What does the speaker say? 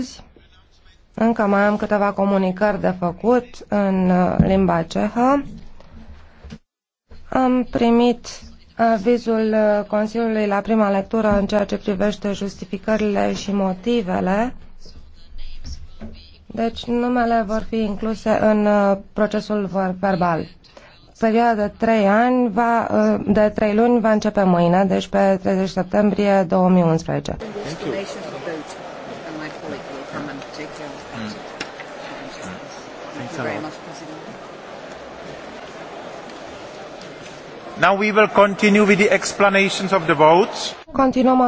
astăzi. Încă mai am câteva comunicări de făcut în uh, limba cehă. Am primit avizul uh, Consiliului la prima lectură în ceea ce privește justificările și motivele. Deci numele vor fi incluse în uh, procesul verbal. Perioada de trei ani va, de trei luni va începe mâine, deci pe 30 septembrie 2011 and my colleague will come and take care of that. Mm. Thank you very much, President. Now we will continue with the explanations of the votes. Continuăm